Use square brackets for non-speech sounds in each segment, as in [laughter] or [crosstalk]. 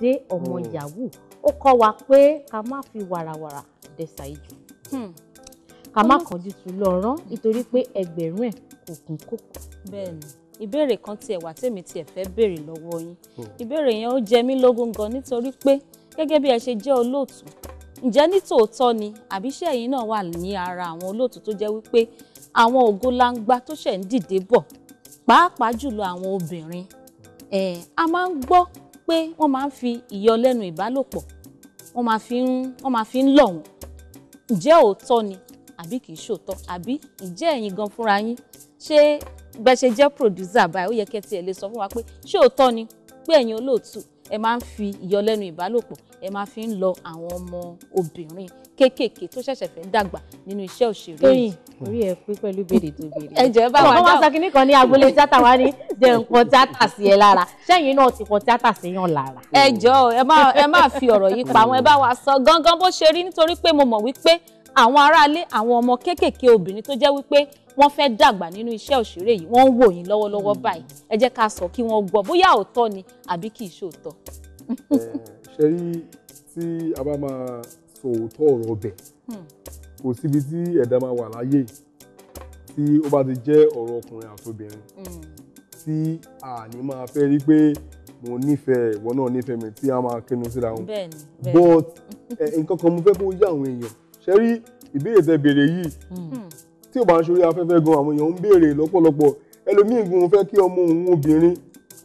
dé ọmọ hmm. yahoo ó kọ́ wa pé ká má fi wàràwàrà dẹ̀sà ìjù hmm. ká má kánjú tu lọ́rán nítorí pé ẹgbẹ̀rún ẹ̀ kò kún kòkó. bẹ́ẹ̀ni ìbéèrè kan tiẹ̀ wà tèmi tiẹ̀ fẹ́ béèrè lọ́wọ́ yín hmm. ìbéèrè yẹn ó jẹ mí lógún gan nítorí pé gẹ́gẹ́ bí ẹ ṣe jẹ́ olóòtú ǹjẹ́ ní tòótọ́ ni àbíṣẹ́ yìí náà wà ní ara àwọn olóòtú tó jẹ́ wípé àwọn ògo langba tó ṣẹ̀ ń dìde bọ̀ pàápàá jùlọ àwọn obìnrin a máa ń gbọ́ pé wọ́n máa ń fi ìyọlẹ́nu ìbálòpọ̀ wọ́n máa fi ń wọ́n máa fi ń lọ̀ wọ́n ǹjẹ́ òótọ́ ni àbí kìí ṣòótọ́ àbí ǹjẹ́ ẹ̀yin gan fúnra yín ṣé bẹ́ ṣe jẹ́ producer báyìí ó yẹ kẹ́ tiẹ̀ lè sọ fún wa pé ṣé òótọ́ ni pé ẹ̀yin olóòtú ẹ máa ń fi ìyọlẹ́nu ìbálòpọ̀ ẹ máa fi ń lọ àwọn ọmọ obìnrin kéékèèké tó ṣẹ̀ṣẹ̀ fẹ́ dàgbà nínú iṣẹ́ òṣèré. Tóyìn orí ẹ pé pẹ̀lú béèrè tó béèrè. ẹ jẹ́ báwa dáhùn. wọ́n wá sọ kínní ní agboolé tíátà wa ní jẹ́ nǹkan tíátà sí ẹ lára sẹ́yìn náà ti kan tíátà sí yàn lára. ẹ jọ̀ọ́ ẹ má ẹ má fi ọ̀rọ̀ yìí pa àwọn ẹ bá wa sọ gangan bó ṣe rí nítorí pé mo mọ̀ wípé àwọn aráalé àwọn ọmọ kéékèèké obìnrin tó jẹ́ wípé wọ́n fẹ́ dàgbà nínú iṣẹ́ òṣèré yìí wọ́n ń wò yín lọ́wọ́lọ́wọ́ báyìí ẹ jẹ́ ká sọ kí wọ́n gbọ́ bóyá òótọ́ ni àbí kì í ṣe òótọ́. ṣe rí tí a bá máa sọ òótọ́ ọ̀rọ̀ ọbẹ̀ hmm. kò síbi tí ẹ̀dá máa wà láyé tí ó bá ti jẹ́ ọ̀rọ̀ ọkùnrin àtobìnrin hmm tí àní máa fẹ́ rí pé mo nífẹ̀ẹ́ ìwọ náà nífẹ̀ẹ́ mi tí a máa kẹnu síra wọn. bẹ́ẹ̀ni bẹ́ẹ̀ni but nǹkan kan mo fẹ́ kó yá àwọn èèyàn ṣe rí ìbéèrè tẹ béèrè yìí hmm. tí ò bá ń ṣorí afẹ́fẹ́ gan àwọn èèyàn ń béèrè lọ́pọ̀lọpọ̀ ẹlòmíì gan fẹ́ kí ọmọ òun obìnrin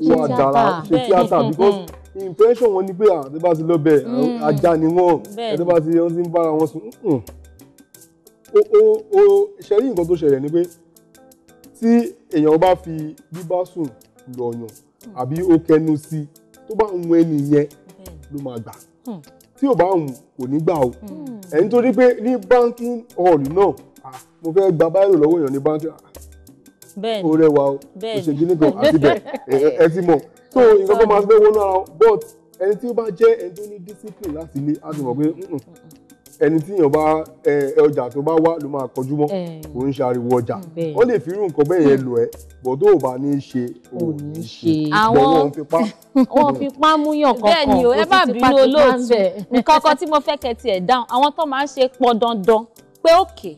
wà dára ṣe tíátà because hmm. impression wọn ni pé àti ah, bá ti lọ bẹ hmm. ajá ni wọn àti bá ti ń bára wọn sùn ó ṣe rí nǹkan tó ṣẹlẹ̀ ni pé tí èèyàn bá fi bíbá sùn lọ̀yàn àbí ó kẹnu sí tó bá ń wọn ẹni yẹn ló máa gbà hmm. tí ò bá ń kò ní gbà o hmm. ẹ̀ nítorí pé ní banking hall náà mo fẹ́ gba báyìí lọ́wọ́ èèyàn ní banking bẹ́ẹ̀ni ó rẹwà o ó ṣe gíní àti bẹ́ẹ̀ [laughs] ẹ ti mọ̀ so nǹkan tó máa fẹ́ wọnú ara but ẹni tí ó bá jẹ́ ẹni tó ní discipline láti ilé á ti mọ̀ pé ẹni tí èèyàn bá ọjà tó bá wá ló máa kọjú mọ́ kò ń ṣàriwo ọjà wọ́n lè fi irú nǹkan bẹ́ẹ̀ yẹn lò ẹ́ bọ̀ tó o bá ní í ṣe o ní í ṣe àwọn wọn fi pa. [laughs] wọn fi pa múyàn kankan bẹ́ẹ̀ ni o ẹ bá bínú olóòtú [laughs] nǹkan kan tí mo fẹ́ kẹ́tì ẹ̀ dáhùn àwọn tó máa ń ṣe pọn dandan pé òkè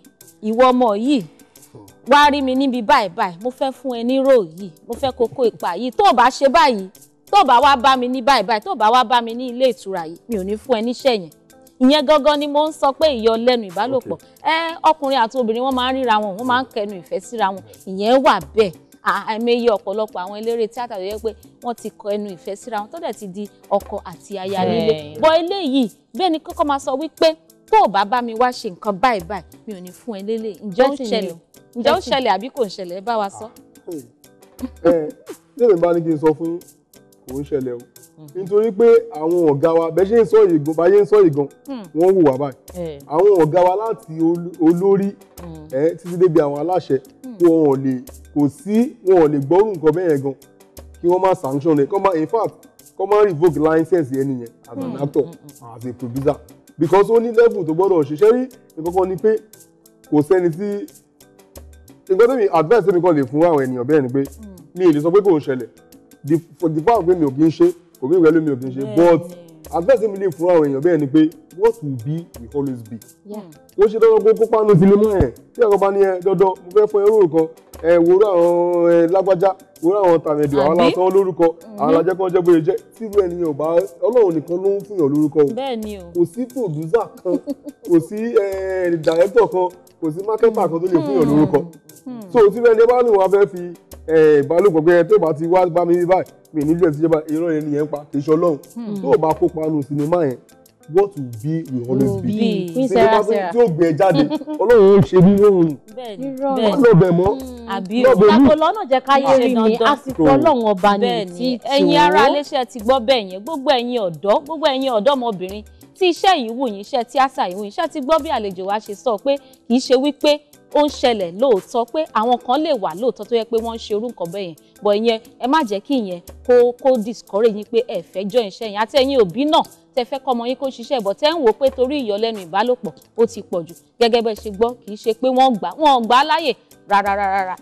ìwọ ọmọ yìí wá rí mi níbi báyìí báyìí mo fẹ́ fún ẹ ní rò yìí mo fẹ́ kókó ipa yìí tó o bá ṣe báyìí tó o bá wá bá mi ní báyìí báyìí tó o bá wá bá mi ní ilé ìtura yìí mi ò ní fún ẹ níṣẹ́ yẹn ìyẹn gangan ni mo ń sọ pé ìyọlẹ́nu ìbálòpọ̀ ẹ ọkùnrin àti obìnrin wọn máa ń ríra wọn wọn máa ń kẹnu ìfẹ́ síra wọn ìyẹn wà bẹ́ẹ̀ àìmọye ọ̀pọ̀lọpọ̀ àwọn eléré tíátà tó yẹ pé wọ́n ti kọ ìfẹ́ síra wọn tó dẹ̀ ti di ọkọ àti aya nílé bọ eléyìí bẹ́ẹ̀ ni kọ́kọ́ máa sọ wípé tó o bá bá mi wá ṣe nǹkan báyìí báyìí mi ò ní fún ẹ ǹjẹ́ ó ah. ń ṣẹlẹ̀ ẹ nítorí pé àwọn ọ̀gá wa bẹ́ẹ̀ ṣe ń sọ ìgàn báyé ń sọ ìgàn hmm. wọ́n wù wá báyìí eh. àwọn ọ̀gá wa láti olórí hmm. eh, títí débi àwọn aláṣẹ hmm. wọn ò lè kò sí wọn ò lè gbọ́rù nǹkan bẹ́ẹ̀ gan kí wọ́n má sanction rẹ̀ kọ́má in fact kọ́má revoke license ẹni yẹn as an actor as a producer because ó ní level tó gbọ́dọ̀ ṣiṣẹ́ rí nǹkan kan ni pé kò sẹ́ni tí nǹkan tó mi advice mi kan lè fún àwọn ènìyàn bẹ́ẹ̀ ni pé mi ò lè sọ pé kò ń ṣẹlẹ̀ the mi ò kò bí ìwé lómi ò kì í ṣe but advice mi lè fún àwọn èèyàn bẹ́ẹ̀ ni pé what will be will always be. ó ṣe dandan kó kópa nù sílé mọ́ ẹ̀ tí ẹ̀kọ́ bá ní ẹ dandan mo fẹ́ fún ẹrú kan ẹ wòrò àwọn ẹ lágbájá wòrò àwọn tàmẹ̀dù mm-hmm. àwọn aláṣọ lórúkọ àwọn alájẹkọ jẹ bóyá jẹ tírú ẹni yẹn ò bá ọlọ́run nìkan ló ń fúnyàn lórúkọ o kò sí producer kan kò sí director kan kò sí marketer kan tó lè fúnyàn lórúkọ hmm. Hmm. so tírú ẹni bá ní wọn fẹ́ fi ìbálòpọ̀ pé ẹni tó bá ti wá bá mi báyìí mi nílé ẹ̀ ti jẹ́ bá irọ́ yẹn pa kì í hmm. tó o bá kópa nù sinimá yẹn what will be will always be bí sẹ́ra sẹ́ra tí ó gbé jáde [laughs] ọlọ́run ó ṣe bí lóhùn bẹ́ẹ̀ lọ́bẹ̀ mọ́ hmm. àbí ìtàkùn jẹ́ ká rí ni àsìkò ọlọ́run ọba ni tí tó ẹ̀yin ará iléeṣẹ́ ti gbọ́ bẹ́ẹ̀ yẹn gbogbo ẹ̀yin ọ̀dọ́ gbogbo ẹ̀yin ọ̀dọ́mọbìnrin tí iṣẹ́ yìí wù yín iṣẹ́ tíátà yìí wù yín iṣẹ́ tí gbọ́ bí àlejò wa ṣe sọ pé kì í ṣe wípé ó ń ṣẹlẹ̀ lóòótọ́ pé àwọn kan lè wà lóòótọ́ tó yẹ pé wọ́n ń ṣe irú nǹkan bẹ́ẹ̀ yẹn bọ̀ ìyẹn ẹ má jẹ́ kí ìyẹn kó kó discourage yín pé ẹ fẹ́ jọ iṣẹ́ yẹn àti ẹ̀yin òbí náà tẹ fẹ́ kọ́mọ yín kó ṣiṣẹ́ ìbọ̀ tẹ́ ń wò pé torí ìyọlẹ́nu ìbálòpọ̀ ó ti pọ̀ jù gẹ́gẹ́ bẹ́ẹ̀ ṣe gbọ́ kì í ṣe pé wọ́n gbà wọ́n gbà láyè rárárárá